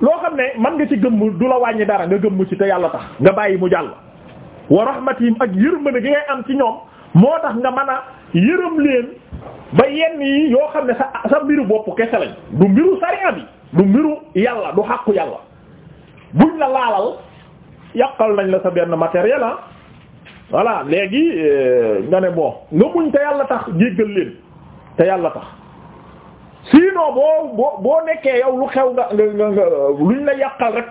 loo xam ne man nga ci gëmm du la wàññi dara nga gëmm ci te yàlla tax nga bàyyi mu jàll wa rahmatihim ak yërmande gi ngay am ci ñoom moo tax nga mën a yërëm leen ba yenn yi yoo xam ne sa sa mbiru bopp kese lañ du mbiru sariya bi du mbiru yàlla du xàqu yàlla buñ la laalal yàqal nañ la sa benn matériel ah voilà léegi euh, nga ne bon nga muñ te yàlla tax jéggal leen te yàlla tax sinon boo boo boo nekkee yow lu xew nga nga nga luñ la rek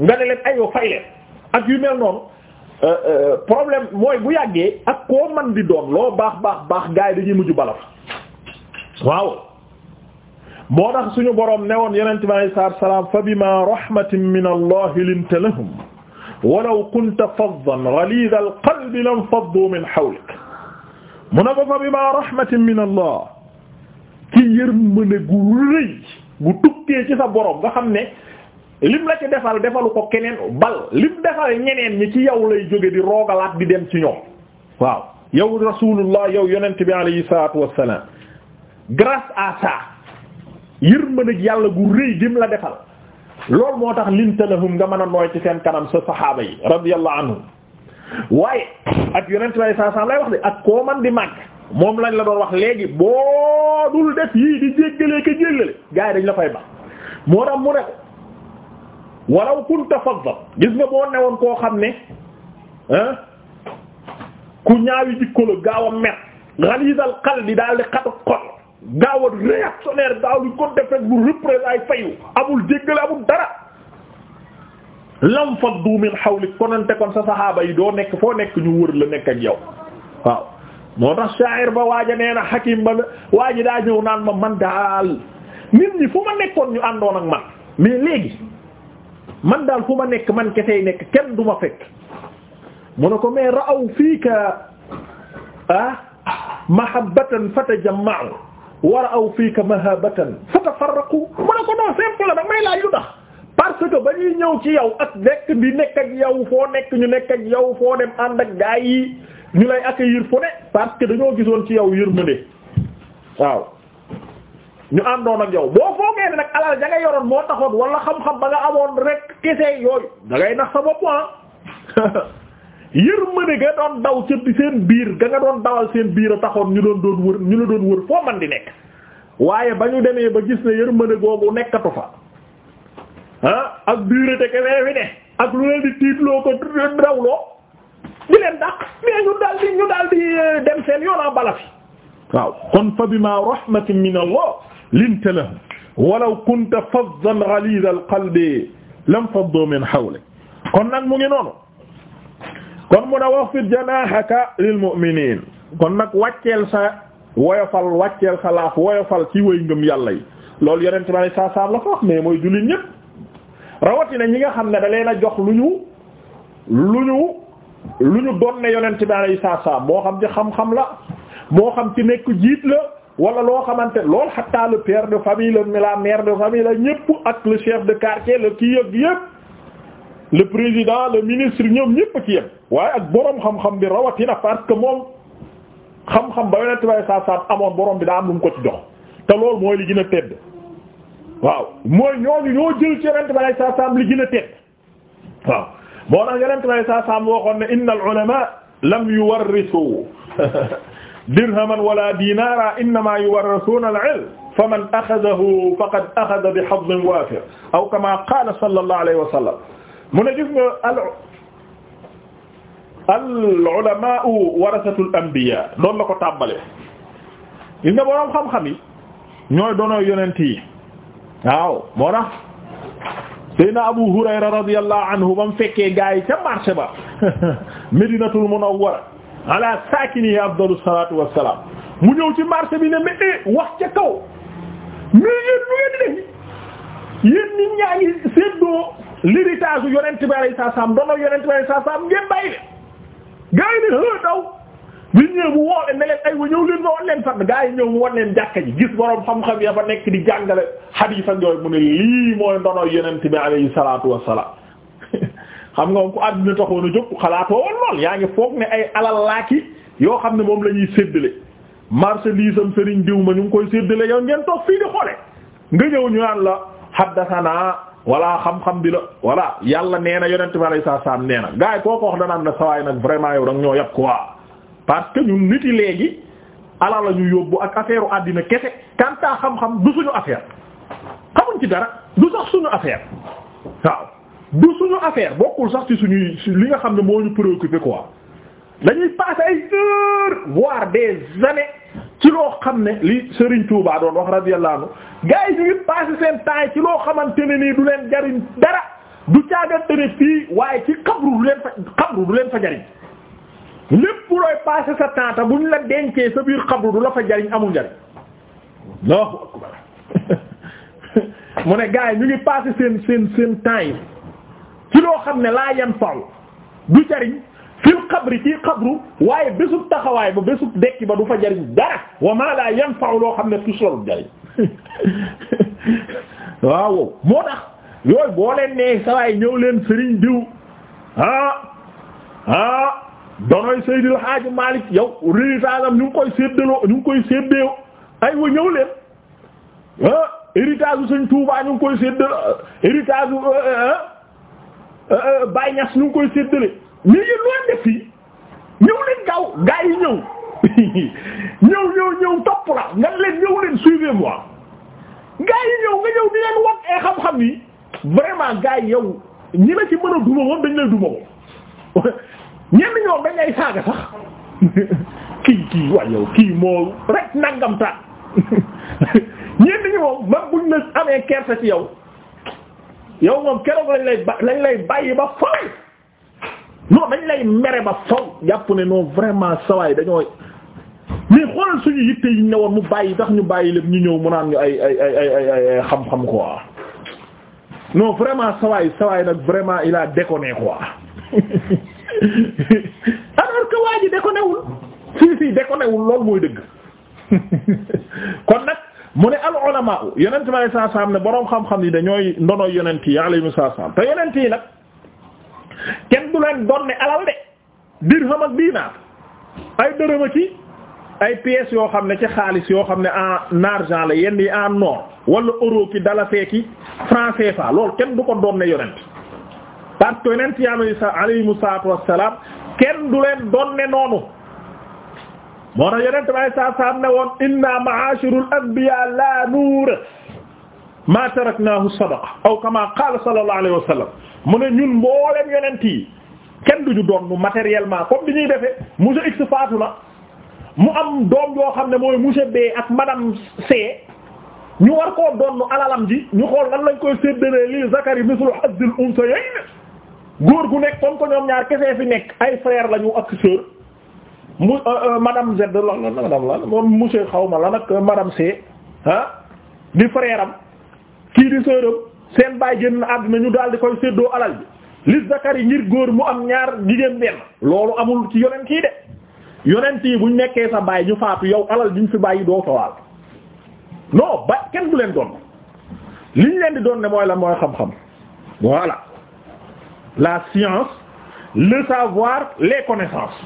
nga ne leen ayoo fay leen ak yu mel noonu euh, euh, problème mooy bu yàggee ak koo man di doon loo baax baax baax gars yi dañuy mujj balaf waaw moo tax suñu boroom newoon yonente bi alei salaam fa bima rahmatin min allah linta lahum walaw kunta faddan ghalidha alqalbi lanfaddu min hawlik mu ne ko fa bima rahmatin min allah ci yërmande gu rëy gu tukkee ci sa borom nga xam ne lim la ci defal defalu ko keneen bal lim defal ñeneen ñi ci yow lay jóge di roogalaat di dem ci ñoom waaw yow rasulullah yow yonent bi alayhi salatu wassalam grâce à ça yërmande yàlla gu rëy gim la defal loolu moo tax linta lahum nga mën a nooy ci seen kanam sa saxaaba yi radiyallahu anhum waaye ak yonent bi alayhi salatu wassalam lay wax de ak koo man di màgg moom lañ la doon wax léegi boo dul def yii di jéggalee ka jéllale gars yi dañ la fay ba moo tax mu ne ko walaw kunta fadda gis nga boo newoon koo xam ne ah ku ñaawi jikko la gaaw a met ghalizal qalbi daal di xatu xol gaaw a réactionnaire gaaw lu ko def rek bu représailles fayu amul jéggale amul dara lam faddu min hawlik konante kon sa sahaaba yi doo nekk foo nekk ñu wër la nekk ak yow waaw moo tax sha'ir ba waaja nee na hakim ba waaji daa ñëw naan ma man daal nit ñi fu ma nekkoon ñu àndoon ak man mais léegi man daal fu ma nekk man kesey nekk kenn du ma fekk mu ne ko mais ra'aw fiika ah mahabbatan fatajamma'u wa ra'aw fiika mahabatan fatafarraqu mu ne ko non simple la da may laaj lu tax parce que ba ñuy ñëw ci yow ak nekk bi nekk ak yow foo nekk ñu nekk ak yow foo dem ànd ak yi ñu lay accueillir fu ne parce que dañoo gisoon ci yow yërmande waaw ñu àndoon ak yow boo foogee ne nag alal ja yoroon moo taxoon wala xam-xam ba nga amoon rek kese yooyu da nax sa bopp ah yërmande nga doon daw ci seen biir ga nga doon dawal seen biir a taxoon ñu doon doon wër ñu la doon wër foo man di nekk waaye ba ñu demee ba gis ne yërmande googu nekkatu fa ah ak biir te kese ne ak lu leen di tiitloo ko rawloo. di leen dàq mais ñu daal di ñu daal di euh, dem seen yoonaa ah, bala fi waaw kon fa bima rahmatin min allah linta lahum walaw kunta faddan ghalid al qalbi lam faddu min hawlik kon nag mu ngi noonu kon mu ne waxfid janahaka lil mu'minin kon nag wàcceel sa woyofal wàcceel sa laaf woyofal ci wëy ngëm yàlla yi loolu yeneen ci ma saa saam la ko wax mais mooy jullit ñépp rawatina ñi nga xam ne da leen a jox lu ñu lu ñu lu ñu doon yonent bi alayhi salaam moo xam ci xam-xam la moo xam ci nekk jiit la wala loo xamante lool xatta le père de famille la la mère de famille la ñëpp ak le chef de quartier la kii yëg yëpp le président le ministre ñoom ñëpp a ci yem waaye ak borom xam-xam bi rawatina parce que moom xam-xam ba yonent bi alayhi amoon borom bi daa am lu mu ko ci jox te loolu mooy li gën a tedd waaw mooy ñooñu ñoo jël ci yonent bi alayhi salaam waaw. moo tax yeneen tubaab yi saa saa mu waxoon ne innal ulamaa lam yuwarrisu dirhaman wala dinaara innamaa yuwarrisuuna al-ilm faman axadahu faqad axada bi hadin waafir aw kamaa qaala sallallahu alayhi wa sallam mu ne gis nga al al ulamaa warasatul anbiyaa noonu la ko tàmbalee. gis nga boroom xam-xam yi ñooy doonoo yonent yi waaw moo tax Seyna Abu Hurayra radiyallahu anhu mu fekkee gaa yi ca marché ba Madinatul Munawwara ala saakinihi afdalu salaatu wassalaam mu ñëw ci marché bi ne mais eh, wax ca kaw mais yéen ñu ngeen di def ñaa ngi séddoo l'héritage yonent bi alayhi salaam doon na bi alayhi salaam ngeen bàyyi de gaa yi ne daw. bi ñëw mu woo leen ay wa ñëw leen ma wan leen fànn gaa yi ñëw mu leen jàkka ji gis borom xam-xam ya fa nekk di jàngale xadiis a yooyu mu ne lii mooy ndono yonent bi alayhi salaatu wassalaam xam nga ku àdduna taxoon a jóg xalaatoo woon lool yaa ngi foog ne ay alal laaki yoo xam ne moom la ñuy séddale marché lii sëriñ diw ma ñu ngi koy séddale yow ngeen toog fii di xoole nga ñëw ñu naan la xaddasanaa wala xam-xam di la wala yàlla nee na yonent bi alayhi salaatu wassalaam nee na gaa yi koo ko wax danaan na sawaay nag yow danga ñoo yàpp parce que ñu nit yi léegi ala la ñu yóbbu ak affaire àddina kese kanta xam-xam du suñu affaire xamuñ ci dara du sax suñu affaire waaw du suñu affaire bokkul sax ci suñuy li nga xam ne moo ñu préoccupé quoi dañuy passer ay heures voire des années ci loo xam ne li Serigne Touba doon wax radiyallahu anhu gars yi ñu seen temps ci loo xamante ne nii du leen jariñ dara du caagante ne fii waaye ci xabru du leen fa xabru du leen fa jariñ lépp looy passé sa bu buñ la dencee sa biir xabru du la fa jariñ amul njariñ Allahu mu ne gars yi ñu ngi passé seen seen seen ci loo xam ne laa yan faw du jariñ fil xabri ci xabru waaye bésub taxawaay ba bésub dekki ba du fa jariñ dara wa maa laa yan faw loo xam ne tus la jariñ waaw moo tax yooyu boo leen nee sawaay ñëw leen sëriñ diw ah ah donoy Seydil Hadji Malick yow héritage am ñu ngi koy séddaloo ñu ngi koy séddee ay wa ñëw leen ah héritage Sëriñ Touba ah, ah, ah, ñu ngi koy séddale héritage Baye Niass ñu ngi koy séddale mais yéen loo def fii ñëw leen gaaw gaa yi ñëw ñëw ñëw ñëw topp la nga leen ñëw leen suivez-moi gaa ñëw nga ñëw di leen wax ay xam-xam yi vraiment gaa yow ñi la ci mën a duma woon dañ lay duma ko ñenn ñoom dañ lay saaga sax kii kii waa yow kii moo rek nangam taat ñenn ñi moom même buñ la amee kersa ci yow yow moom keroog lañ lay ba lañ lay bàyyi ba faw non dañ lay mere ba faw jàpp ne non vraiment sawaay dañoo mais xoolal suñu yitte yi ñu ne woon mu bàyyi tax ñu bàyyi leen ñu ñëw mu naan ñu ay ay ay ay ay xam-xam quoi non vraiment sawaay sawaay nag vraiment il a déconné quoi. alors que waa ji de ko newul fii fii de ko newul loolu mooy dëgg kon nag mu ne al ulama yonent bi alayhi am ne boroom xam-xam yi dañooy ndonooy yonent yi alayhi salaam te yonent yi nag kenn du leen donne alal de dirham ak diinaar ay dërëm ak i ay pièces yoo xam ne ci xaalis yoo xam ne en argent la yenn yi en or wala euro ki dala feeki franc CFA loolu kenn du ko donne yonent parce que yonent yàlla sa alayhimu salaatu wassalaam kenn du leen donne noonu moo tax yonent bay saa saa ne woon inna ma'ashirul anbiya la nuura ma taraknaahu sadaqa aw kama qaala sallallahu alayhi wa sallam mu ne ñun mbooleem yonent yi kenn duñu donn matériellement comme bi ñuy defee monsieur X faatu na mu am doom yoo xam ne mooy monsieur B ak madame C ñu war koo donn alalam ji ñu xool lan lañ koy séddalee li zakari mislu hazzil unsayayn góor gu nekk comme que ñoom ñaar kese fi nekk ay frère lañu ak sœur mu euh, euh, madame Z la la madame la moom monsieur xaw xawma la nag madame C ah di frère kii di sœuram seen baay génn àdduna ñu daal di koy séddoo alal bi li zakari ngir góor mu am ñaar jigéen benn loolu amul ci yonent yi de yonent yi buñ nekkee sa baay ñu faatu yow alal bi ñu fi bàyyi doo fawaal non ba kenn du leen doon liñ leen di doon ne mooy la mooy xam-xam voilà. la science le savoir les connaissances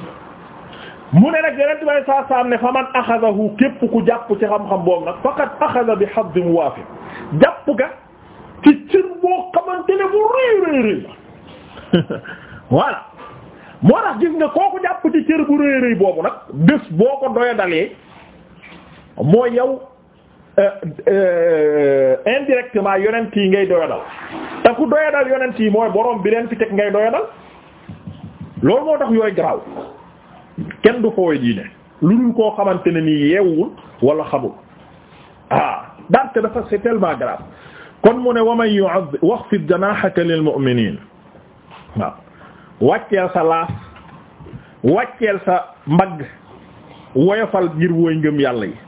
mu ne nag yeneen tubaab saa saa ne fa man axadahu képp ku jàpp ci xam-xam boobu nag faqad axada bi haddin waafiq jàpp ga ci cër boo xamante ne bu rëy rëy rëy voilà moo tax gis nga kooku jàpp ci cër bu rëy rëy boobu nag bés boo ko doyadalee moo yow. Euh, euh, indirectement yonent yi ngay doyadal te ku doyadal yonent yi mooy borom bi leen fi ngay doyadal loolu moo tax yooyu garaaw kenn du fooy diine lu dul koo xamante ne nii yeewul wala xamul ah daanaka dafa c'est tellement grave kon mu ne wax man yu'azzim waxfid janaahaka lil mu'miniin waaw wàcceel sa laas wàcceel sa mbagg woyofal ngir woy ngëm yàlla yi.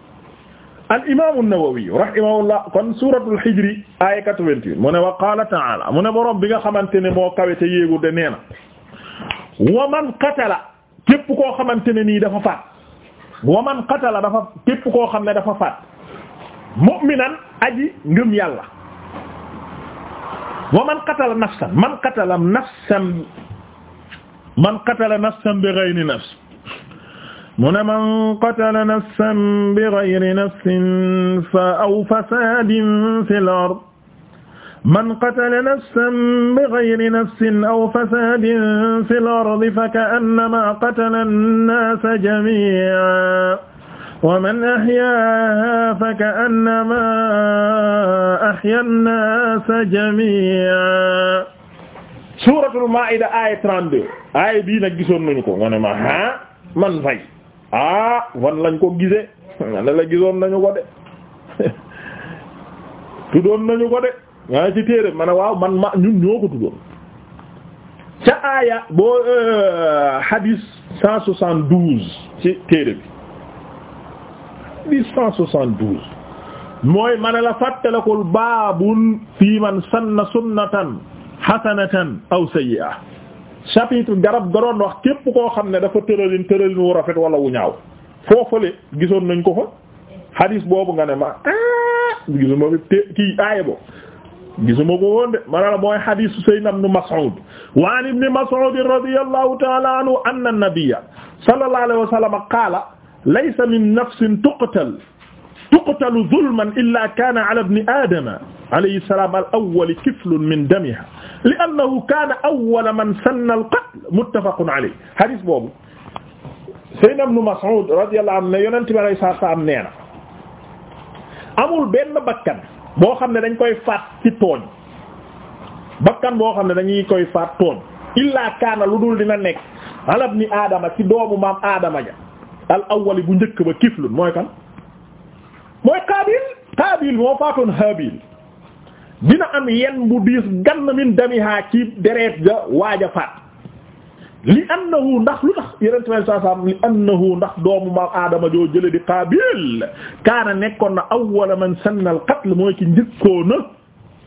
al imaamu Nawawi rahimahullah kon suuratul Hijr aaya 88 mu ne wa qaala ta'aala mu ne borom bi nga xamante ne moo kawe te yéegu de nee na wa man qatala képp koo xamante ne nii dafa faat wa man qatala dafa képp koo xam ne dafa faat mu'minan aji ngëm yàlla wa man qatala nafsan man qatala nafsan man qatala nafsan bi ghayri nafs mu ne man qatala nafsan bi ghayri nafsin fa aw fasadin fil ard man qatala nafsan bi ghayri nafsin aw fasadin fil ard fa ka'annama qatala an-nasa jami'an wa man ahyaaha fa ka'annama ahya an-nasa jami'an suuratul maa'ida aaya 32 aaya bii nag gisoon nañu ko nga ne ma ha man fay ah wan lañ ko gisee ne la gisoon nañu ko de tuddoon nañu ko de waaye ci téere ma waaw man ma ñun ñoo ko tuddoon ca aaya boo euh, hadis cent soixante douze ci téere bi hadis cent soixante douze mooy ma ne la fàttalakul baabun man sanna sunnatan hasanatan aw sayyi'ah chapitre garab ga doon wax képp koo xam ne dafa tëralin tëralin wu rafet wala wu ñaaw foofale gisoon nañ ko fa hadis boobu nga ne ma ah gisuma te kii aaye bo gisuma ko woon de mana la mooy hadis Sayyidina Ibn Mas'ud wa an Ibn Mas'ud radiyallahu ta'ala anhu anna an-nabiyya sallallahu alayhi wa sallam qaala laysa min nafsin tuqtal tuqtalu zulman illa kana ala ibni adama alayhi salam al awwal kiflun min damiha li annahu kaana awwala man sanna al-qatl muttafaqun alayhi hadis boobu Sayyidina Ibn Mas'ud radiyallahu anhu ne yonent bi alayhi salaatu salaam nee na amul benn bakkan boo xam ne dañ koy faat ci tooñ bakkan boo xam ne dañuy koy faat tooñ illaa kaana lu dul dina nekk ala ibni aadama ci doomu maam aadama ja al awwali bu njëkk ba kiflun mooy kan mooy Qaabil Qaabil moo faatoon Haabil dina am yenn bu diis gann min damiha ci dereet ga waaj a faat li annahu ndax lu tax yenent may saa saam li annahu ndax doomu ma aadama joo jële di qaabil kaana nekkoon na awwala man sanna al qatl mooy ki njëkkoona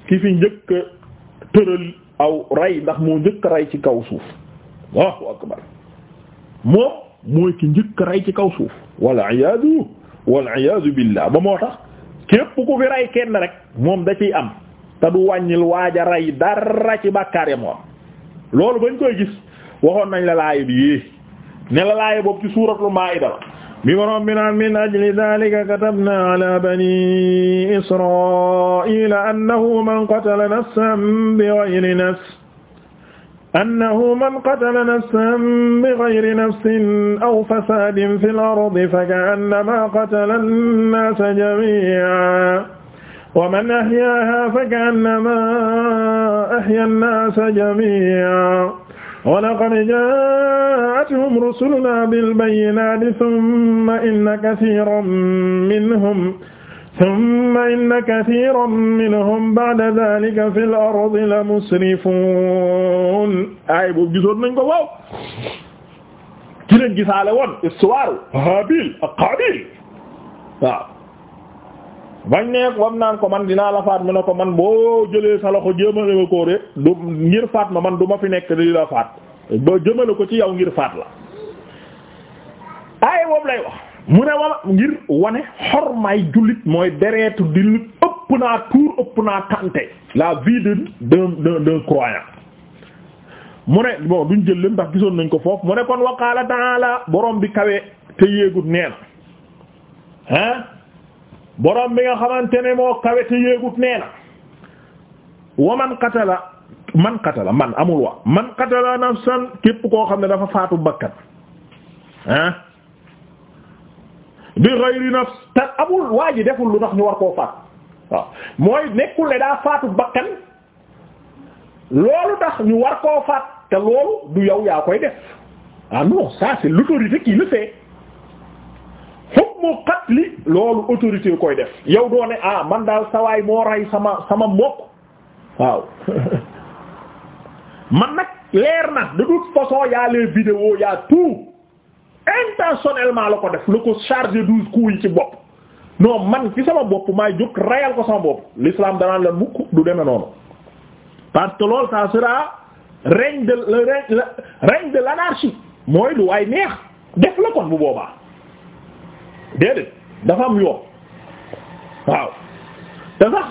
ki fi njëkk tëral aw rey ndax moo njëkk rey ci kaw suuf Allahu akbar moom mooy ki njëkk rey ci kaw suuf wal iyaadu wal iyaadu billah ba moo tax képp ku fi rey kenn rek moom da ciy am te du wàññil waaja rey dara ci bàkkaar ya moom loolu bañ koy gis waxoon nañ la laaya bi yée ne la laaya boobu ci suuratul maa'ida la bi borom bi naan min ajli dhalika katabna ala bani israila annahu man qatala nafsan bighayri nafs annahu man qatala nafsan bighayri nafsin aw fasadin fil ardi fa ka'annama qatala an-naasa jamii'an wa man ahyaahaa fakaannamaa ahyaa an-naasa jamii'an wa laqad jaa'athum rusulunaa bil-bayyinaati thumma inna kathiiran minhum thumma inna kathiiran minhum ba'da dhaalika fil ardi lamusrifuun ay boobu gisoon nañ ko waaw ki leen gisaale woon histoire Haabil ak Qaabil waaw bañ ne wam naan ko man dinaa la faat mu ne ko man boo jëlee sa loxo jëmale ma ko de du ngir faat ma man du ma fi nekk di la faat ba jëmale ko ci yaw ngir faat la ay boobu lay wax mu ne wama ngir wane xormaay jullit mooy dereetu jullit ëpp naa tuur ëpp naa tante la vie de d'un d'un croyant mu ne bon duñ jël leen ndax gisoon nañ ko foofu mu ne kon waqaala ta'ala boroom bi kawe te yéegut nee na borom bi nga xamante ne moo kawe te yéegut nee na wa man qatala man qatala man amul wa man qatala nafsan képp koo xam ne dafa faatu bakkan ah bi ghayri nafs te amul waa ji deful lu tax ñu war koo faat waaw mooy nekkul ne daa faatu bakkan loolu tax ñu war koo faat te loolu du yow yaa koy def ah non ça c'est l'autorité qui le fait hukmu qatli loolu autorité koy def yow doo ah man daal sawaay moo rey sama sama mbokk waaw man nag leer na de toute façon y a les vidéos y a la ko def lu ko chargé du coups yi ci bopp non man ci sama bopp maay jóg reyal ko sama bopp l'islam danaan la mukk du deme noonu parce que loolu ça sera de le règne de l'anarchie mooy lu waay neex def la kon bu boobaa déedéet dafa am yoon waaw te sax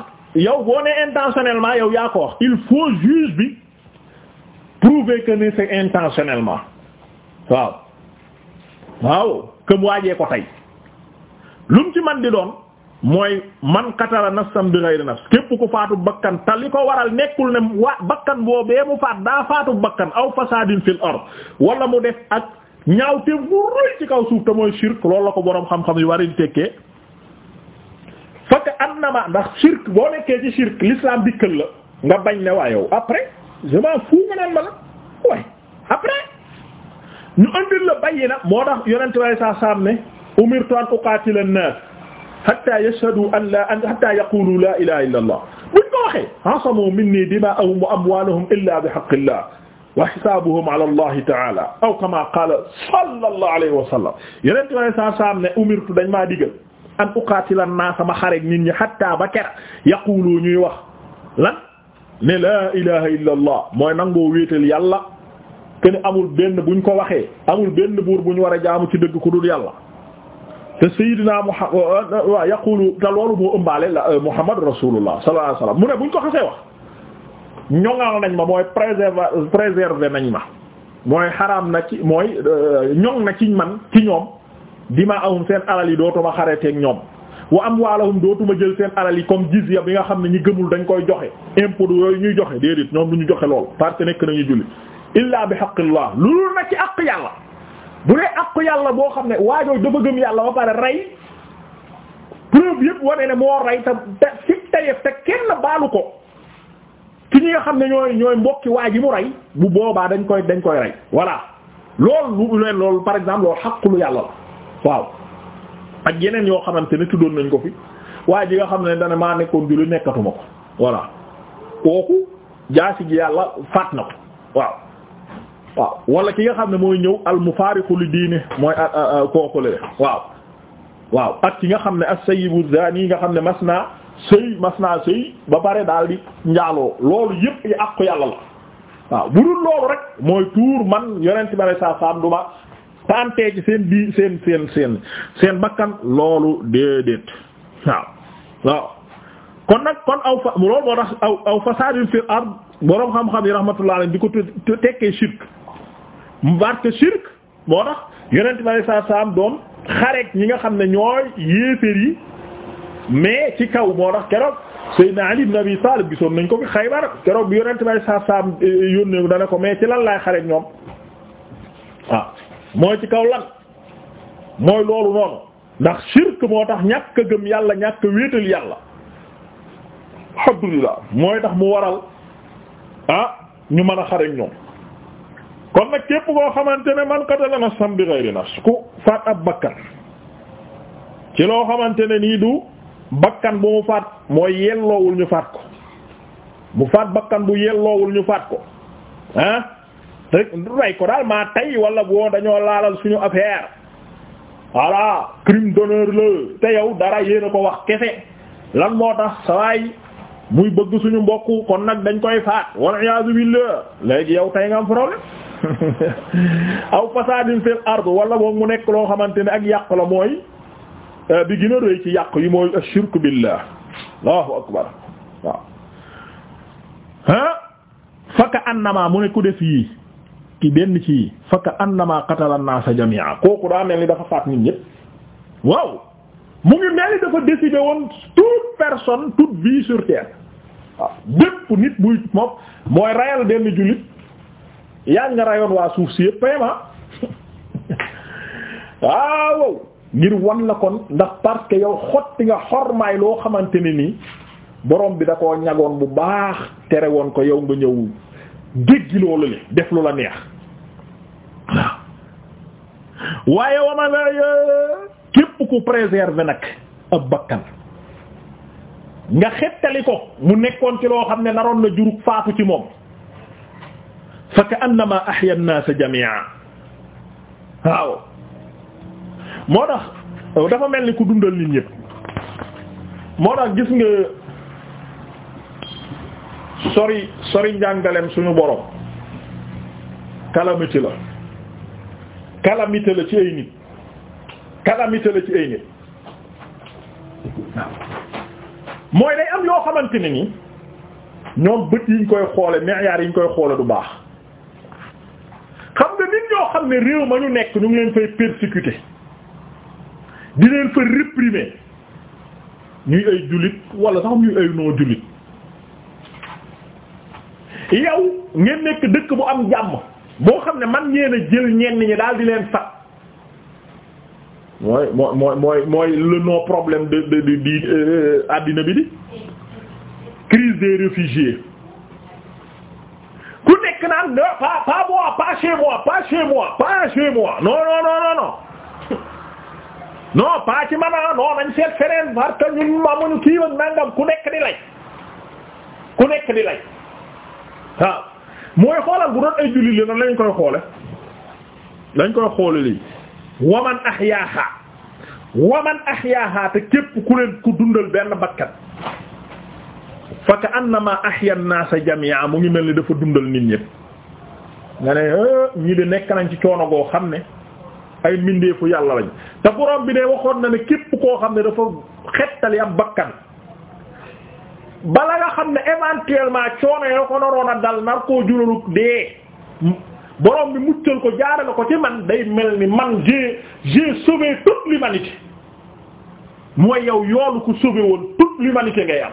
yow boo ne intentionnellement yow yaa ko wax il faut juge bi prouver que ne c'est intentionnellement waaw waaw que mu waajee ko tey lu mu ci man di doon mooy man qatala nafsan bi ghayri nafs képp ku faatu bakkan te li ko waral nekkul ne wa bakkan boobee mu faat daa faatu bakkan aw fasadin fil ard wala mu def ak ñaaw te bu rëy ci kaw suuf te mooy shirk loolu la ko boroom xam-xam yu wari tekkee fakk annama ndax shirk boo nekkee ci shirk l'islam dikkal la nga bañ ne waa yow après je m'en fous nga naan ma la way après ñu andil la bayyi na moo tax yonent way saa saam ne umirtu an uqaatila an-naas hatta yashhadu an la an hatta yaqulu la ilaha illa allah buñ ko waxee minni dima'ahum wa amwaluhum illa bi haqqillah wa xisaabuhum ala allahi taala aw kama qaala sallallahu alayhi wa sallam yeneen tubaab yi saa saa am ne umirtu dañ maa digal an uqaatila naasa ma xareeg nit ñi hatta ba kera yaqulu ñuy wax lan ne laa ilaha illa allah mooy nangoo wéetal yàlla te ne amul benn buñ ko waxee amul benn buur buñ war a jaamu ci dëgg ku dul yàlla. te Seydina Muhammad yaqulu te loolu moo ëmbaale la Muhammad rasulullah sallallahu alayhi wa sallam mu ne buñ ko xasee wax. ñoŋal nañ ma mooy préserver préserver nañ ma mooy xaraam na ci mooy euh, ñoŋ na ci man ci ñoom dima ahum seen alal yi dootuma xareeteek ñoom wa am waalahum dootuma jël seen alal yi comme jizya bi nga xam ne ñi gëmul dañ koy joxe impôt yooyu ñuy joxe déedéet ñoom du ñu joxe lool parce que nekk nañu julli illaa bi lu haqqillah loolu nag ci àq yàlla bu dee àq yàlla boo xam ne waajooy dafa gëm yàlla ba pare rey preuve yëpp wane ne moo rey te te si tayeef kenn baalu ko ki ñi nga xam ne ñooy ñooy mbokki waa ji mu rey bu boobaa dañ koy dañ koy rey voilà loolu lu leen loolu par exemple loolu lu yàlla la waaw ak yeneen yoo xamante ne tuddoon nañ ko fi waa ji nga xam ne dana maa nekkoon julli nekkatuma ko voilà kooku jaasi ji yàlla faat na ko waaw waaw wala ki nga xam ne mooy ñëw al mufaariqu li diine mooy kooku la waaw waaw ak ki nga xam ne as-sayyibu zani nga xam ne mas naa sëy mas naa sëy ba pare daal di njaaloo loolu yépp yi àqu yàlla la waaw bu dul loolu rek mooy tuur man yonent bi alei saa salaam du ma ci seen bii seen seen seen seen bakkan loolu déedéet waaw waaw kon nag kon aw fa loolu moo tax aw aw fasadin ard boroom xam-xam yi rahmatullah alayhi di ko tekkee shirk barke shirk moo tax yonent bi alei saa salaam doom xareek ñi nga xam ne ñooy yéeféer yi mais ci kaw moo tax keroog Seydina Ali ibn Abi Talib gisoon nañ ko fi Xaybar keroog bi yonent bay sa sam eh, yónneewu dana ko mais ci lan laay xare ñoom waaw ah, mooy ci kaw lan mooy loolu noonu ndax shirk moo tax ñàkk a gëm yàlla ñàkk a wéetal yàlla alhamdulillah mooy tax mu waral ah ñu mën a xare ñoom kon nag képp koo xamante ne man qatala nafsan bi ghayri nafs ku faat ab bakkan ci loo xamante nii du bakkan bu mu faat mooy yelloowul ñu faat ko mu faat bakkan bu yelloowul ñu faat ko ah rek rey ko daal maa tay wala boo dañoo laalal suñu affaire voilà crime d'honneur la te yow dara yéen a ko wax kese lan moo tax sawaay muy bëgg suñu mbokk kon nag dañ koy faat wal iyaazu billah léegi yow tay nga am problème aw fasadin fil ard wala boog mu nekk loo xamante ni ak yàq la mooy Euh, bi gën a rëy ci yàq yi mooy ashirku billah allahu akbar waaw ah faka annama mu ne ku def yii ki benn ci yii faka annama qatala naasa jami'a kooku daa mel ni dafa faat nit ñépp waaw mu ngi mel ni dafa décider woon toute personne toute vie sur terre nit buy moom mooy rayal benn jullit yaa nga rayoon waa suuf si yépp paiement ah, waaw ngir wan la kon ndax parce que yow xotti nga xormaay loo xamante ne nii borom bi da koo ñagoon bu baax tere woon ko yow nga ñëw jéggi loolu le def lu la neex waaw waaye wama la képp ku préserver nag ab bakkan nga xettali ko mu nekkoon ci loo xam ne naroon na jurug faatu ci moom fa ka annama ahya an-nas jami'a waaw moo tax dafa mel ni ku dundal nit ñépp moo tax gis nga sori sori njàngaleem suñu borom calamité la calamité la ci ay nit calamité la ci ay nit mooy day am yoo xamante ne ni ñoom bët yiñ koy xoole meeyaar yiñ koy xoole du baax xam nga nit ñoo xam ne réew ma ñu nekk ñu ngi leen fay persécuter di leen fa réprimer ñuy ay jullit wala sax ñuy ay noo jullit yow ngeen nekk dëkk bu am jàmm boo xam ne man ngeen a jël ñenn ñi daal di leen fat mooy mooy mooy mooy le non problème de de di àddina euh, bi di crise des réfugiés ku nekk naan pas pas moi pas chez moi pas chez moi pas chez moi non non non non non pas ci man a ah, non nañ seet feneen parce que ñun amuñu kii ak nangam ku nekk di lay ku nekk di lay mooy xoolal bu doon ay jullit li noonu lañ koy xoole lañ koy xoole lii waman ahyaaha waman ahyaaha te képp ku leen ku dundal benn bakkat fa ka annama ahya naa naasa jami'a mu ngi mel ni dafa dundal nit ñépp nga ne eh, ñii de nekk nañ ci coono goo xam ne ay mbindeefu yàlla lañ te borom bi ne waxoon na ne képp koo xam ne dafa xettali am bakkan bala nga xam ne éventuellement coono yoo ko naroon a dal nar koo juralu dee borom bi muccal ko jaarale ko ci man day mel ni man j'ai j'ai sauvé toute l'humanité mooy yow yoolu ko sauvé woon toute l'humanité ngay am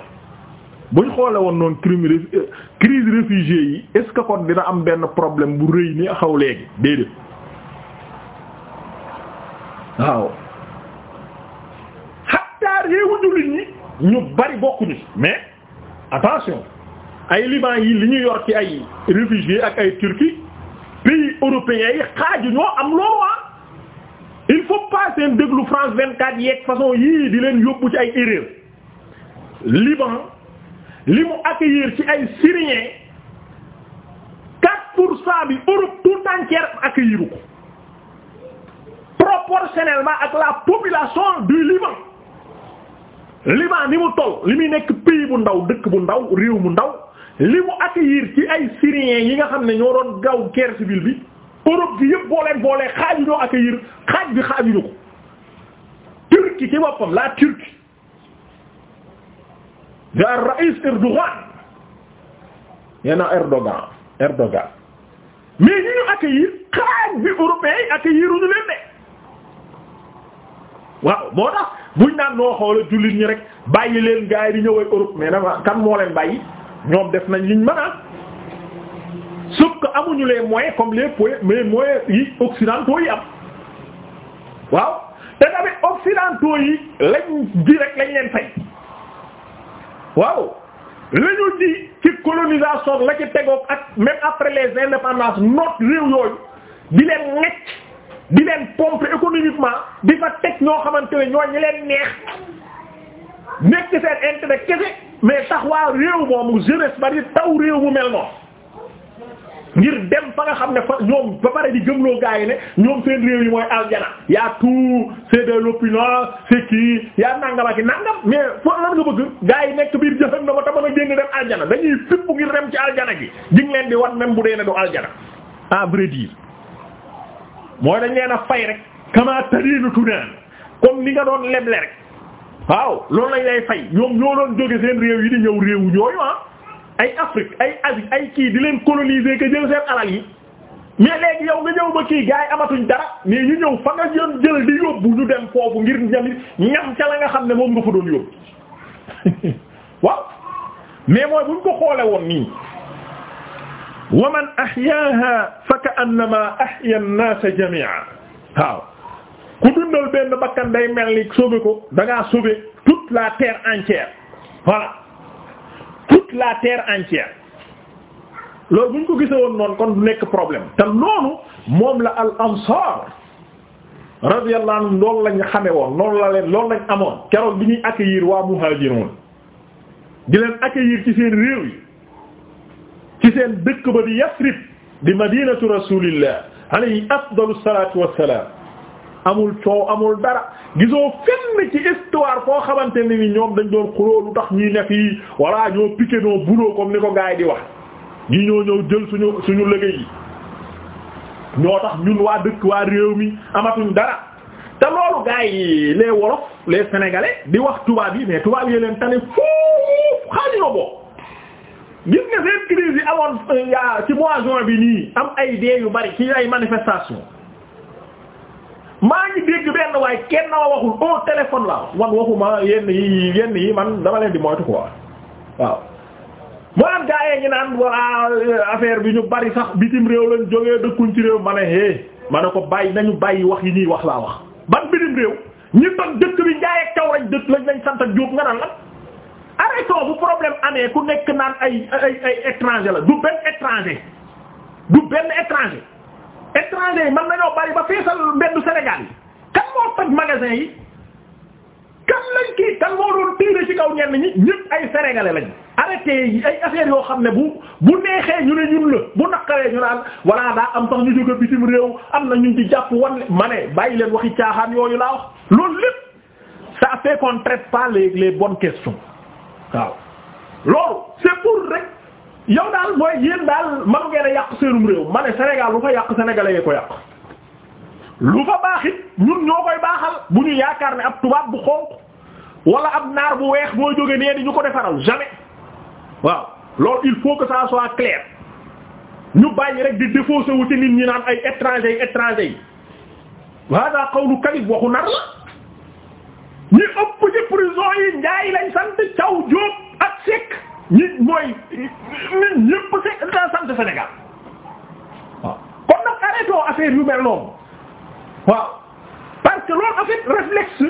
buñ xoole woon noonu crime euh, crise réfugiés yi est-ce que kon dina am benn problème bu rëy ni xaw léegi déedéet waaw xatta réewu jullit ñi ñu bari bokkuñu mais attention ay liban yi li ñu yor ci ay réfugiés ak ay turki pays européens yi yu ñoo am loolu waa ah. il faut pas seen déglu France 24 yeeg façon yii di leen yóbbu ci ay erreur Liban li mu accueillir ci ay Syriens 4 pour cent bi Europe tout entière accueillir ko proportionnellement ak la population du Liban Liban ni mu toll li muy nekk pays bu ndaw dëkk bu ndaw réew mu ndaw li mu accueillir ci ay Syriens yi nga xam ne ñoo doon gaw guerre civile bi Europe bi yëpp booleen boolee xaaju ñoo accueillir xaaj bi xaajuñu ko Turquie ci boppam la Turquie da Raïs Erdogan yena Erdogan Erdogan mais ñi ñu accueillir xaaj bi européens yi accueilliruñu leen de waaw moo buñ naan noo xoola jullit ñi rek bàyyi leen gars yi di ñëwee Europe mais nag kan moo leen bàyyi ñoom def nañ liñ mën a sauf que amuñu les moyens comme les mais moyens yi occidentaux yi am waaw te tamit occidentaux yi lañ di rek lañ leen fay waaw lañu di ci colonisation la ci tegoog ak même après les indépendances noot réew yooyu di leen nekk di leen pomper économiquement di fa teg ñoo xamante ne ñoo ñi leen neex nekk seen intérêt kese mais tax waa réew moomu jeunesse bari taw réew mu mel noonu ngir dem fa nga xam ne fa ñoom ba pare di gëmloo gaa yi ne ñoom seen réew yi mooy aljana y'a tout c'est de l'opulence c'est kii yaa nangam ak nangam mais foo lan nga bëgg gaa yi nekk biir na jahannama te mën a génn dem aljana dañuy fipp ngir dem ci aljana gi di leen di wan même bu dee ne du aljana à vrai mooy dañ leen a fay rek kama tadiinu tunaan comme ni nga doon leble rek waaw loolu nañ lay fay ñoom ñoo doon jóge seen réew yi di ñëw réewu ñooyu ah ay Afrique ay Asie ay kii di leen coloniser que jël seen alal yi mais léegi yow nga ñëw ba kii gars yi amatuñ dara mais ñu ñëw fa nga yoon jël di yóbbu ñu dem foofu ngir ñami ñam ca la nga xam ne moom nga fa doon yóbbu waaw mais mooy buñ ko xoole woon nii wa man ahyaaha fa ka'annamaa ahyaa an-naasa jamii'an ku dundal benn bakkan day mel ni sauver ko da ngaa sauver la terre entière voilà toute la terre entière loolu bu ñu ko gisee woon noonu kon du nekk problème te loolu moom la al ansaar radiyallahu anhum loolu lañ xame woon loolu la leen loolu lañ amoon keroog bi ñuy accueillir waa muhaajiroon di leen accueillir ci seen réew yi ci seen dëkk ba di Yasrib di madinatu rasulillah alayhi afdalu salatu wassalam amul coow amul dara gisoo fenn ci histoire koo xamante ne ni ñoom dañ doon xuloo lu tax ñuy ne yi walla ñoo piqué noo comme ni ko gars yi di wax ñi ñoo ñëw jël suñu suñu liggéey ñoo tax ñun waa dëkk waa réew mi amatuñ dara te loolu gars yi les wolof les sénégalais di wax tubaab yi mais tubaab yi leen tane foofu xaajuño gis nga seen crise yi amoon euh, ci mois juin bi nii am ay dee yu bari ci ay manifestation maa ngi dégg benn waaye kenn na waxul au téléphone la man waxuma yenn yi yenn yi man dama leen di moytu quoi waaw moo am gaa yee naan walla euh, affaire bi ñu bari sax bitim réew lañ jógee dëkkuñ ci réew ma ne hé ma ne ko bàyyi nañu bàyyi wax yi ñuy wax laa wax ban bitim réew ñi toog dëkk bi njaay ak taw lañ dëkk lañ lañ sant ak jóob nga naan la arrêtons bu problème amee ku nekk naan ay ay ay la du benn étranger du benn étranger étranger yi man nañoo bari ba feesal mbeddu Sénégal yi kan moo magasin yi kan lañ kii tiire ci kaw ñenn ñi ñëpp ay sénégalais lañ arrêté ay affaires yoo xam ne bu bu neexee ñu ne ñun la bu naqaree ñu naan walla daa am sax ñu jóge bitim réew am na ñu ci jàpp wan ma ne bàyyi leen waxi caaxaan yooyu laa wax loolu lépp ça fait qu'on traite pas les les bonnes waaw loolu c'est pour rek yow daal mooy yéen daal manu ngeen a yàq seenum réew ma ne Sénégal lu fa yàq sénégalais ko yàq lu fa baax it ñoo koy baaxal bu ñu yaakaar ne ab tubaab bu xonq wala ab naar bu weex boo jógee nee di ñu ko defaral jamais waaw loolu il faut que ça soit clair ñu bàyyi rek di défausser wu ci nit ñi naan ay étrangers yi étrangers yi wa hada qawlu kadib waxu nar la ñi ëpp ci prison yi njaay lañ sant caw jóob ak sek ñi mooy nit ñëpp sek da sant Sénégal waaw kon nag arrêté affaire yu mel noonu waaw parce que loolu en fait réflexe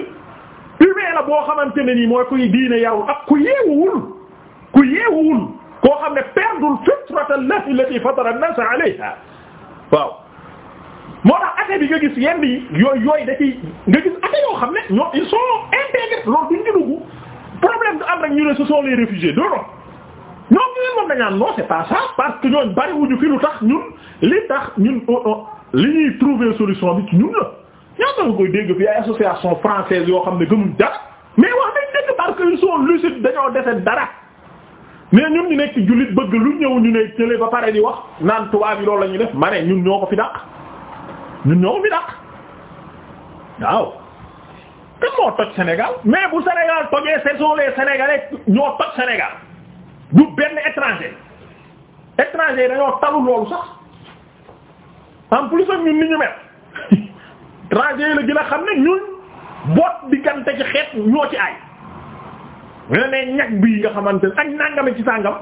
humain la boo xamante ne nii mooy kuy diine yarul ak ku yeewuwul ku yeewuwul koo xam ne perdul fitrata llahi allati fatara an-nas alayha waaw moo tax affaire bi nga gis yenn yi yooyu yooy da ciy nga gis affaire yoo xam ne ñoo ils sont intégrés loolu duñ ci problème du am rek ñu ne sa sont les réfugiés non non ñoom ñu leen moom parce que ñooñ bari wuñu fi lu tax ñun li tax ñun oh, oh, li ñuy trouver solution bi ci ñun la ñaata nga koy dégg fi ay association française yoo xam ne gëmuñ dara mais wax nañ dëgg parce que ils sont lucides dañoo dese dara mais ñun ñu nekk jullit bëgg lu ñëw ñu ne télé ba pare di wax naan tubaab yi loolu la ñuy def ma ñun ñoo ko fi dàq ñun ñoo fi dàq waaw kan moo toj Sénégal mais bu Sénégal tojee ce sont les Sénégalais ñoo toj Sénégal du benn étranger étranger dañoo talu loolu sax en plus ak ñun ni ñu mel étranger la gën a xam ne ñun boot diggante ci xeet ñoo ci ay. ñu ne ñag bi nga xamante ne ak nangame ci sàngam.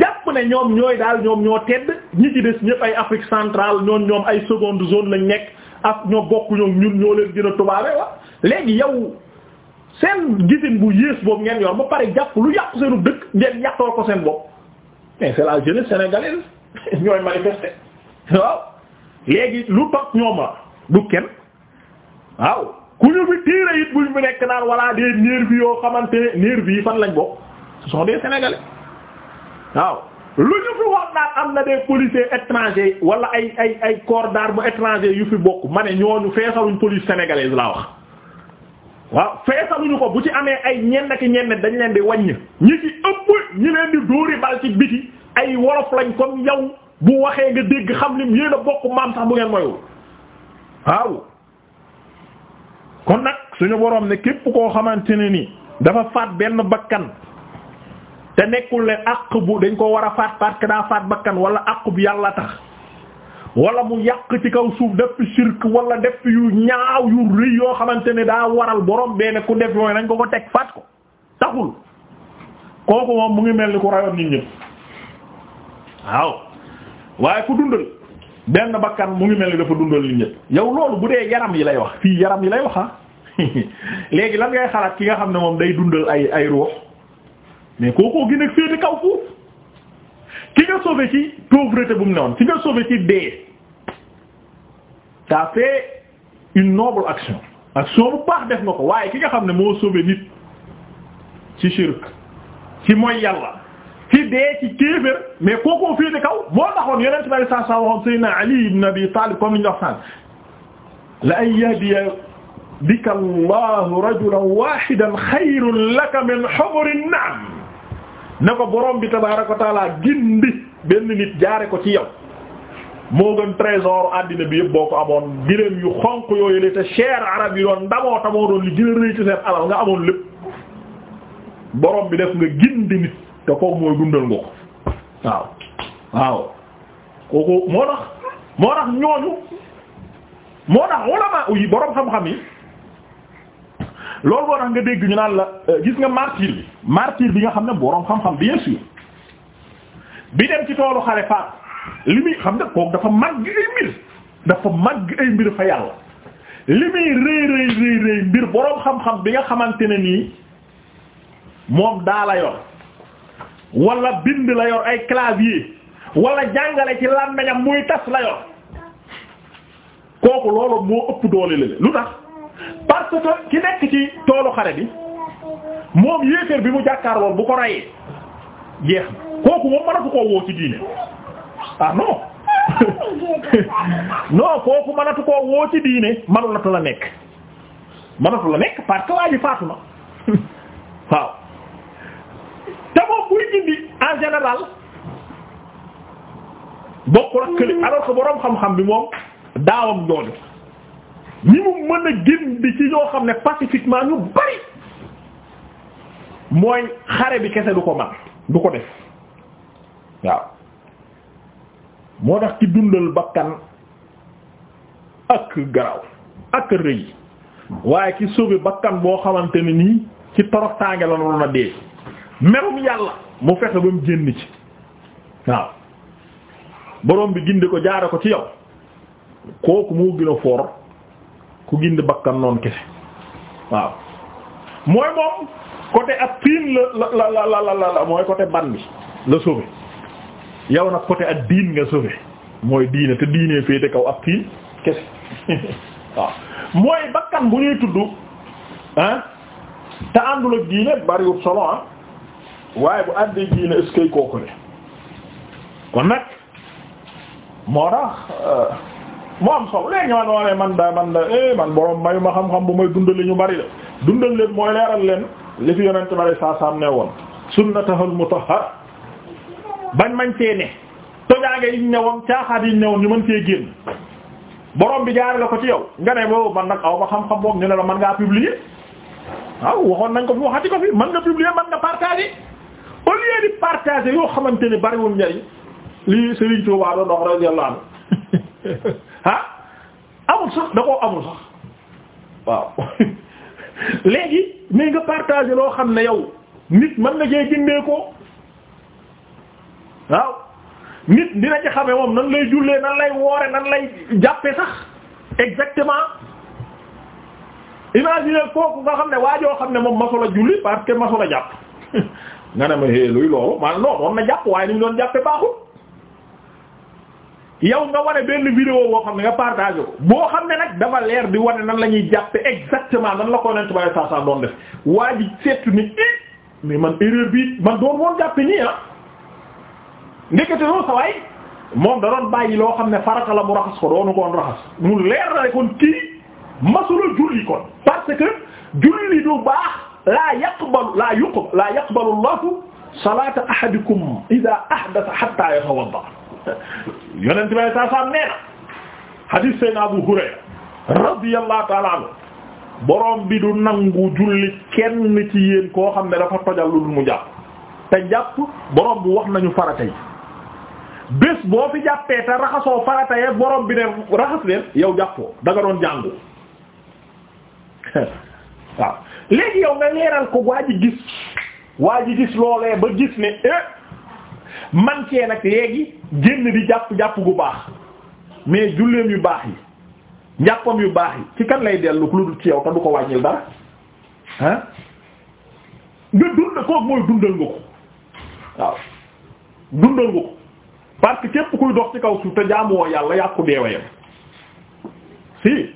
jàpp ne ñoom ñooy daal ñoom ñoo tedd ñi ci des ñëpp ay Afrique centrale ñoon ñoom ay seconde zone lañu nekk ak ñoo bokk ñoom ñun ñoo leen gën a tubaabe wa léegi bu yées boobu ngeen yor ba pare jàpp lu yàq seenu dëkk ngeen yàqoo seen bopp la jeunesse sénégalaise ñooy manifester waaw léegi lu toog ñoom la du kenn waaw ku ñu fi tiire it buñ mu nekk naan walla des nervis yoo xamante bi yi fan lañ bokk ce sont des waaw lu ñu fi wax naan am na des policiers étrangers wala ay ay ay corps d'armes étrangers yu fi bokk ma ne ñooñu feesaluñ police sénégalaise laa wax waaw feesaluñu ko bu ci amee ay ñenn ki ñenn dañ leen di wàññ ñi ci ëpp ñi leen di dóori bal biti ay wolof lañ comme yow bu waxee nga dégg xam lim yéen a bokk maam sax bu ngeen moyul waaw kon nag suñu boroom ne képp koo xamante ne ni dafa faat benn bakkan te nekkul ne àq bu dañ ko war a faat parce que daa faat bakkan wala àq bu yàlla tax wala mu yàq ci kaw suuf def fi sirk wala def yu ñaaw yu rëy yoo xamante ne daa waral borom benn ku def yooyu dañ ko ko teg faat ko taxul kooku moom mu ngi mel ni ku rayoon nit ñëpp waaw waaye ku dundal benn bakkan mu ngi mel ni dafa dundal nit ñëpp yow loolu bu dee yaram yi lay wax fii yaram yi lay wax ah léegi lan ngay xalaat ki nga xam ne moom day dundal ay ay mais kookoo gën a féete kaw fuuf ki nga sauvé ci pauvreté bu ki nga sauvé ci dee t'as fait une noble action action bu baax def nga ko waaye ki nga xam ne moo sauvé nit ci shirk ci mooy yàlla ci dee ci kéefër mais kookoo féete kaw moo taxoon yeneen ci bari saa saa waxoon Seydina Ali ibn Abi Talib comme ni ñu wax sànq la an yahdiya bika Allahu rajulan wahidan khayrun laka min humri naam ne ko borom bi tabaaraka wa taala gindi benn nit jaare ko ci yow moo gën trésor àddina bi yëpp boo ko amoon giléem yu xonq yooyu la te cher arab yi doon ndamoo tamoo doon li gën a alal nga amoon lépp borom bi def nga gindi nit te kooku mooy dundal nga ko waaw waaw kooku moo tax moo tax ñooñu moo tax ulama yi borom xam-xam yi loolu moo tax nga dégg ñu naan la euh, gis nga martyr bi martyr bi nga xam ne boroom xam-xam bien sûr bi dem ci toolu xare faat li muy xam ne kooku dafa màgg ay mbir dafa màgg ay mbir fa yàlla li muy rëy rëy rëy mbir boroom xam-xam bi nga xamante ne nii moom daa la yor wala bind la yor ay clavier walla jàngale ci làmmiñam muy tas la yor kooku loolu moo ëpp doole la lu tax. parce que ki nekk ci toolu xare bi moom yéeféer bi mu jàkkaar lool bu ko rayee jeex na kooku moom mënatu koo woo ci diine ah non non kooku mënatu koo woo ci diine mënatu la nekk mënatu la nekk parce que waa ji faatu na waaw te moom buy gindi en général bokkul ak këli alors que boroom xam bi moom daawam doole ñi mu mën a gën bi ci ñoo xam ne pacifiquement ñu bari mooy xare bi kese du ko man du ko def waaw moo tax ci dundal bakkan ak garaw ak rëy waaye ci sauver bakkan boo xamante ne nii ci toroxtaange la loolu na dee merum yàlla mu fexe ba mu génn ci waaw borom bi gindi ko jaare ko ci yow kooku moo gën a foor ku gind bakkan noonu kese waaw mooy moom côté ak tiin la la la la mooy côté ban bi la sauvé yow nag côté ak diin nga sauvé mooy diine te diinee féete kaw ak tiin kese waaw mooy bakkan bu ñuy tudd ah te àndul ak diine bariwul solo ah waaye bu àndee diine est kooku ne kon nag moo tax euh, moo am solo léegi man moo ne man daa man da eh man borom mayu ma xam-xam bu may dundal ñu bari dundal leen mooy leeral leen li fi yonent bari saa saam ne woon mu mutahhar bañ mañ cee ne tojaange yiñ ne woon caaxaat yiñ ne woon ñu man cee génn borom bi jaare la ko ci yow nga ne boobu man nag aw ma xam-xam boobu ñu ne la mën ngaa publier waaw waxoon nañ ko fi waxati mën nga publier mën nga partager au lieu di partager yoo xamante ni bariwul njariñ li Serigne Touba doon dox radiyallahu ah amul sax da koo amul sax waaw léegi mais nga partagé loo xam ne yow nit man na cee gindee ko waaw nit dina ci xame moom nan lay jullee nan lay woore nan lay jàppe sax exactement imagine kooku nga xam ne waa joo xam ne moom masul a julli parce que masul a jàpp nga ne ma hé luy loolu maanaam non doon na jàpp waaye ni ñu doon jàppe baaxul yow nga wane benn vidéo woo xam ne nga partagé ko boo xam ne nag dafa leer di wane nan la ñuy jàppe exactement nan la ko yonent bi saa saa doon def ni it eh, mais man erreur bi man doon woon jàppe nii ah ndekete noonu sa moom da doon bàyyi loo xam ne farata mu raxas ko doonu koon raxas mu leer na kon kii masula julli kon parce que julli du baax laa yaqbalu laa yuqbal laa yaqbalu Allahu salaata ahadikum idaa ahdatha hatta yatawadda yonent bay saa saam nee na hadis Abu Hurayra radiyallahu ta'ala borom bi du nangu julli kenn ci yéen koo xam ne dafa tojal lu dul mu jàpp te jàpp borom bi wax nañu farata yi bés boo fi jàppee te raxasoo farata yi borom bi ne raxas leen yow jàppoo danga doon jàngu waaw léegi yow nga leeral ko waa ji gis waa ji gis loolee ba gis ne eh, man cee nag léegi génn di jàpp jàpp gu baax mais julleem yu baax yi njàppam yu baax yi ci kan lay dellu lu dul ci yow te du ko wàññil dara ah nga dund kook mooy dundal nga ko waaw dundal nga ko parce que képp kuy dox ci kaw suuf te jaamuwoo yàlla yàqu deewayam si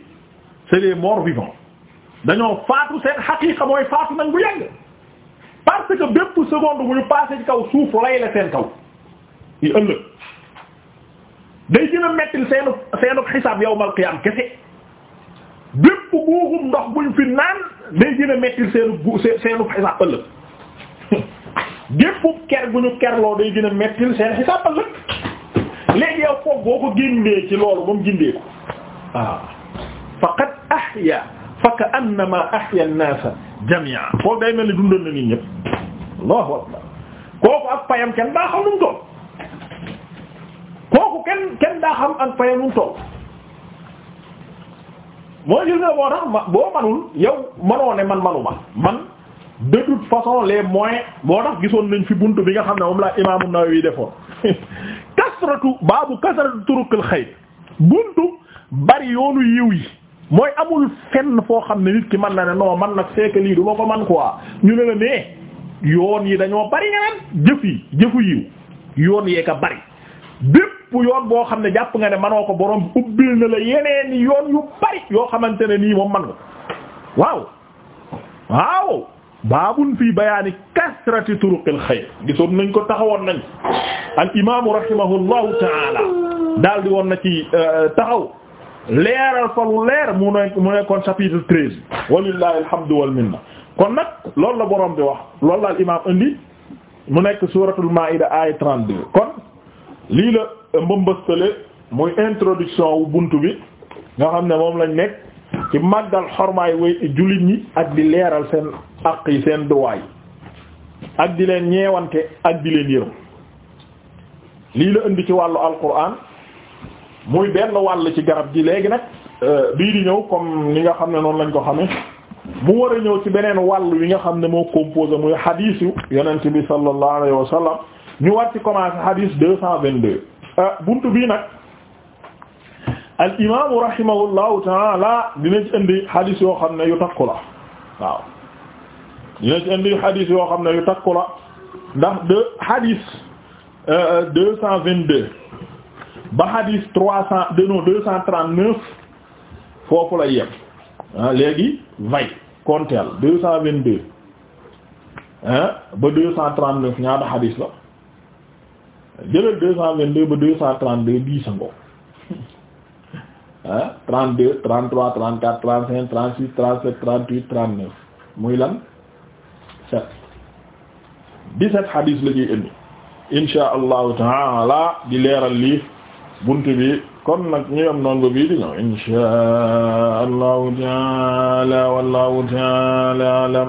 c'est les morts vivants dañoo faatu seen xaqiiqa mooy faatu nañ bu yàgg parce que bépp seconde bu ñu passé ci kaw suuf lay la seen kaw yi ëllëg day gën a mettil seenu seenu xisaab yawmal qiyaam kese bépp guuxum ndox buñ fi naan day gën a mettil seenu gu seenu xisaab ëllëg bépp ker bu ñu kerloo day gën a mettil seen xisaab ëllëg léegi yow foog boo ko génnee ci loolu moom gindee ko waaw ah. faqad ahya fa ka annama ahya an-naasa jamii'a kooku day mel ni dundoon na nit ñëpp allahu akbar kooku ak payam kenn daa xam nu kooku kenn kenn daa xam ak fayam mu toll mooy gis nga boo tax boo manul yow manoo ne man manuma man de toute façon les moyens boo tax gisoon nañ fi bunt bi nga xam ne moom la imaamu Nawawi defoon kasratu baabu kasratu turukil xayr buntu bari yoonu yiw yi mooy amul fenn foo xam ne nit ki mën na ne non man nag c'est que lii du ko man quoi ñu ne la nee yoon yi dañoo bari nga naan jëf yi jëfu yiw yoon yee ka bari bépp bépp yoon boo xam ne jàpp nga ne manoo ko borom ubbil na la yeneen yoon yu bari yoo xamante ne nii moom man nga waaw waaw baabun fii bayaani kasrati turuqil xayr gisoon nañ ko taxawoon nañ al imaamu rahimahullahu taala daal di woon na ci euh, taxaw leeral fa lu leer mu ne mu nekkoon chapitre treize walillahi alhamdu wal minna kon nag loolu la borom bi wax loolu la al imaam indi mu nekk suuratul maa'ida aaya 32 lii la mbambastale muy introduction wu bunt bi nga xam ne moom lañ nekk ci màggal xormaay way jullit ñi ak di leeral seen aq yi seen droit ak di leen ñeewante ak di leen yërëm lii la indi ci wàllu alquran muy benn wàll ci garab gi léegi nag euh, bii di ñëw comme ni nga xam ne noonu lañ ko xamee mu war a ñëw ci beneen wàll wi nga xam ne moo composé muy xadiis yu yonent bi sallallahu alayhi wa ñu war ci commencer hadith deux cent vingt-deux euh, buntu bii nag al imaamu rahimahullahu taala dina ci indi hadith yoo xam ne yu takku la waaw dina ci indi hadith yoo xam ne yu takku la ndax de hadith euh, euh, deux cent vingt-deux ba hadith trois cent de non deux cent trente foofu la yem ah léegi vay konteel deux cent vingt-deux ba deux cent trente-neuf ñaata hadith la jëlal deux cent vingt deux ba deux cent trente deux bii sa ngoog ah deux trente trois trente quatre trente cinq trente six trente sept trente neuf muy lan sept dix-sept hadith la ñuy indi insha allahu taala di leeral lii buntu bi kon nag ñu am noonu ba bii di ñëw insha allahu taala wallahu taala alam